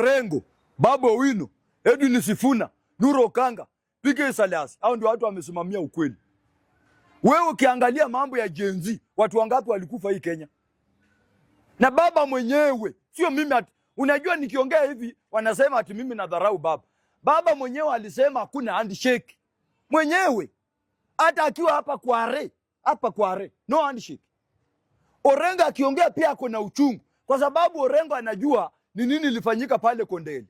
Prengo, Babu Owino, Edwin Sifuna, Nuro Kanga, PK Isalias. Hao ndio watu wamesimamia ukweli. Wewe ukiangalia mambo ya Gen Z, watu wangapi walikufa hii Kenya? Na baba mwenyewe, sio mimi ati. Unajua nikiongea hivi wanasema ati mimi nadharau baba. Baba mwenyewe alisema hakuna handshake. Mwenyewe hata akiwa hapa kwa are, hapa kwa are, no handshake. Orengo akiongea pia ako na uchungu kwa sababu Orengo anajua ni nini ilifanyika pale Kondele?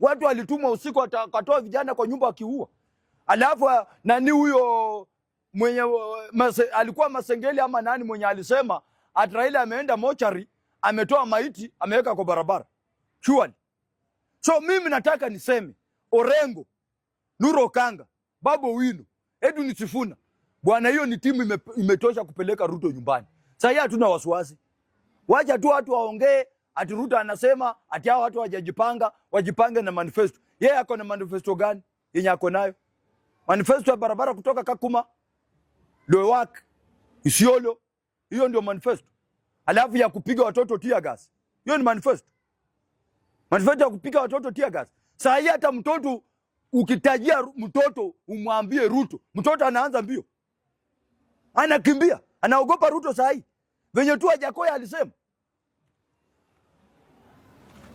Watu walitumwa usiku, wakatoa vijana kwa nyumba wakiua. Alafu ah, nani huyo mwenye mase, alikuwa Masengeli ama nani mwenye alisema ati ameenda mochari, ametoa maiti, ameweka kwa barabara. Chuali. So mimi nataka niseme Orengo, Nuro Kanga, Babu Wino, Edwin Sifuna. Bwana, hiyo ni timu imetosha kupeleka Ruto nyumbani. Sasa hatuna wasiwasi. Wacha tu watu waongee, Ati Ruto anasema ati hao watu wajajipanga, wajipange na manifesto. Yeye ako na manifesto gani yenye ako nayo? Manifesto ya barabara kutoka Kakuma Lowak Isiolo, hiyo ndio manifesto. Alafu ya kupiga watoto tia gas, hiyo ni manifesto. Manifesto ya kupiga watoto tia gas. Saa hii hata mtoto ukitajia mtoto umwambie Ruto, mtoto anaanza mbio, anakimbia, anaogopa Ruto. Saa hii venye tu Ajakoya alisema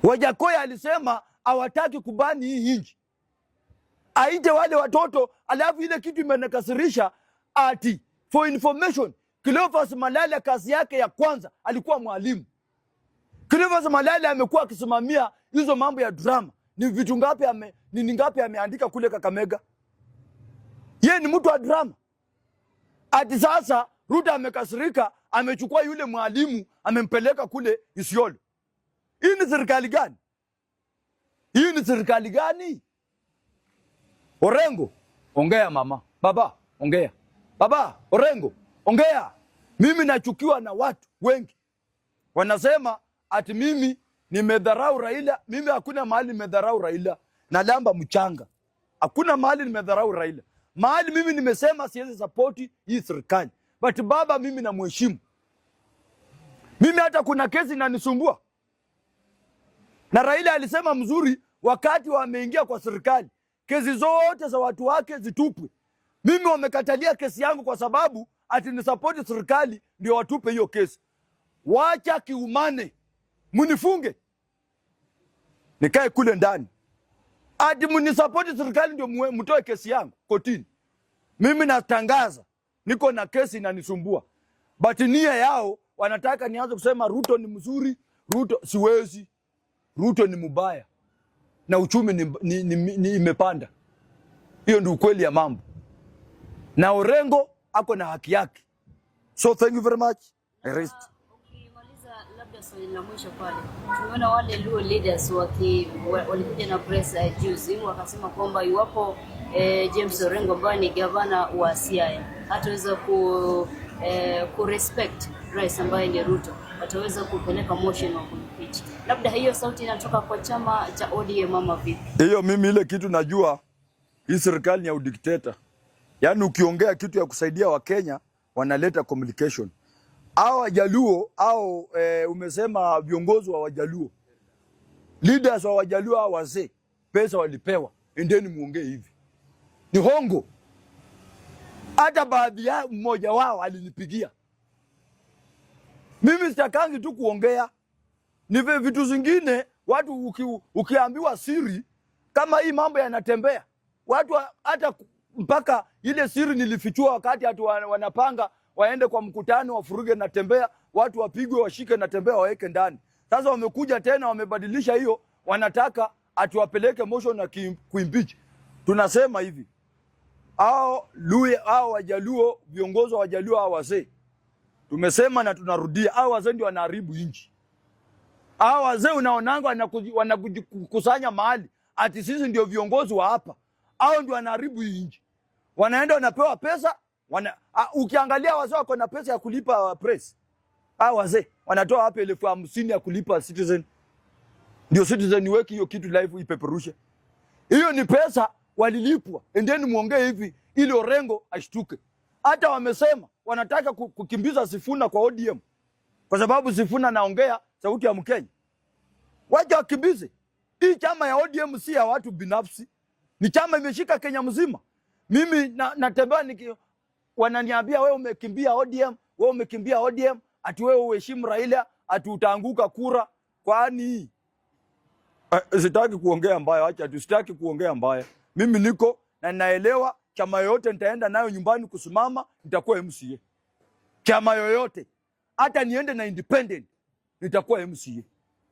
Wajakoya alisema hawataki kubani hii inji aite wale watoto. Alafu ile kitu imenakasirisha ati, for information, Cleophas Malale kazi yake ya kwanza alikuwa mwalimu. Cleophas Malale amekuwa akisimamia hizo mambo ya drama. Ni vitu ngapi ame, ni ngapi ameandika kule Kakamega? Ye ni mtu wa drama. Ati sasa Ruto amekasirika, amechukua yule mwalimu amempeleka kule Isiolo. Hii ni serikali gani? Hii ni serikali gani? Orengo, ongea mama. Baba, ongea. Baba, Orengo, ongea. Mimi nachukiwa na watu wengi. Wanasema ati mimi nimedharau Raila, mimi hakuna mahali nimedharau Raila na lamba mchanga. Hakuna mahali nimedharau Raila. Mahali mimi nimesema siwezi support hii serikali. But baba, mimi namheshimu. Mimi hata kuna kesi inanisumbua. Na Raila alisema mzuri wakati wameingia kwa serikali, kesi zote za watu wake zitupwe. Mimi wamekatalia kesi yangu kwa sababu ati ni support serikali ndio watupe hiyo kesi. Wacha kiumane, munifunge nikae kule ndani, ati mnisapoti serikali ndio mtoe kesi yangu kotini. Mimi natangaza niko na kesi inanisumbua, but nia yao wanataka nianze kusema Ruto ni mzuri, Ruto siwezi. Ruto ni mubaya na uchumi ni, ni, ni, ni imepanda. Hiyo ndio ukweli ya mambo, na Orengo ako na haki yake. So thank you very much. rest. Ah, labda swali la mwisho pale, tumeona wale Luo leaders walikuja na press juzi, wakasema kwamba iwapo eh, James Orengo ambaye ni gavana wa Siaya hataweza ku, eh, ku respect rais ambaye ni Ruto wataweza kupeleka motion wa kumpeach. Labda hiyo sauti inatoka kwa chama cha ODM ama vipi? Hiyo mimi ile kitu najua, hii serikali ni ya udikteta. Yaani ukiongea kitu ya kusaidia Wakenya wanaleta communication. Hao Wajaluo au e, umesema viongozi wa Wajaluo leaders wa Wajaluo hao wazee pesa walipewa, endeni muongee hivi. Ni hongo. Hata baadhi ya mmoja wao alinipigia mimi sitakangi tu kuongea ni vitu zingine watu uki, ukiambiwa siri kama hii mambo yanatembea watu hata mpaka ile siri nilifichua wakati hatu wanapanga waende kwa mkutano wafuruge tembea watu wapigwe washike tembea waweke ndani. Sasa wamekuja tena wamebadilisha hiyo, wanataka atuwapeleke motion na kuimpeach. Tunasema hivi, ao Luya ao Wajaluo, viongozi wa Wajaluo hao wazee Tumesema na tunarudia, hao wazee ndio wanaharibu nchi. Hao wazee unaonanga wanakukusanya mahali ati sisi ndio viongozi wa hapa, hao ndio wanaharibu nchi. Wanaenda wanapewa pesa wana, a, ukiangalia wazee wako na pesa ya kulipa uh, press. Hao wazee wanatoa wapi elfu hamsini ya kulipa Citizen? Ndio Citizen iweke hiyo kitu live ipeperushe. Hiyo ni pesa walilipwa, endeni muongee hivi ili Orengo ashtuke. Hata wamesema wanataka kukimbiza Sifuna kwa ODM kwa sababu Sifuna naongea sauti ya Mkenya. Waje wakimbize. Hii chama ya ODM si ya watu binafsi, ni chama imeshika Kenya mzima. Mimi na, natembea niki wananiambia wewe umekimbia ODM, wewe umekimbia ODM, ati wewe uheshimu Raila, ati utaanguka kura. Kwani eh, sitaki kuongea mbaya, acha tu, sitaki kuongea mbaya. Mimi niko na naelewa chama yoyote nitaenda nayo nyumbani kusimama, nitakuwa MCA. Chama yoyote hata niende na independent, nitakuwa MCA.